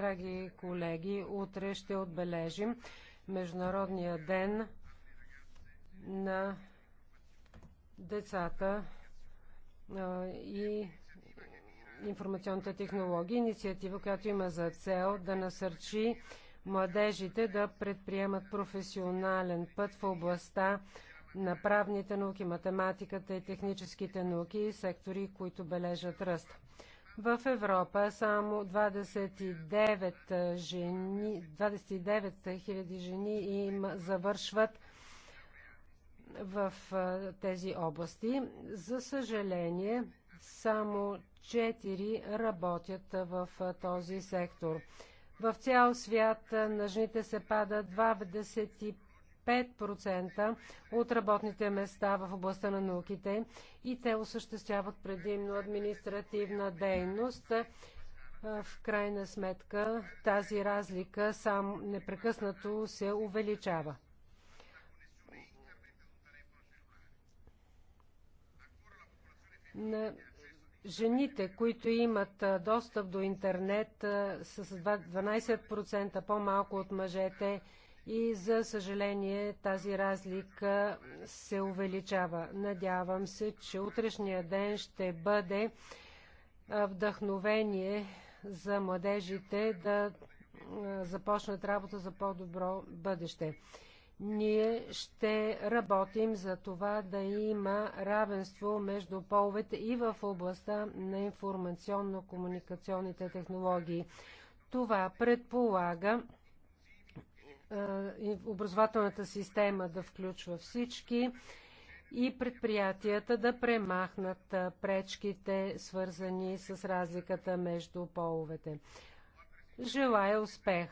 Драги колеги, утре ще отбележим Международния ден на децата и информационните технологии. Инициатива, която има за цел да насърчи младежите да предприемат професионален път в областта на правните науки, математиката и техническите науки и сектори, които бележат ръст. В Европа само 29 жени, 29 хиляди жени им завършват в тези области. За съжаление, само 4 работят в този сектор. В цял свят на жените се пада 25 5% от работните места в областта на науките и те осъществяват предимно административна дейност. В крайна сметка тази разлика сам непрекъснато се увеличава. На жените, които имат достъп до интернет, са с 12% по-малко от мъжете и за съжаление тази разлика се увеличава. Надявам се, че утрешния ден ще бъде вдъхновение за младежите да започнат работа за по-добро бъдеще. Ние ще работим за това да има равенство между половете и в областта на информационно-комуникационните технологии. Това предполага е, образователната система да включва всички и предприятията да премахнат е, пречките, свързани с разликата между половете. Желая успех!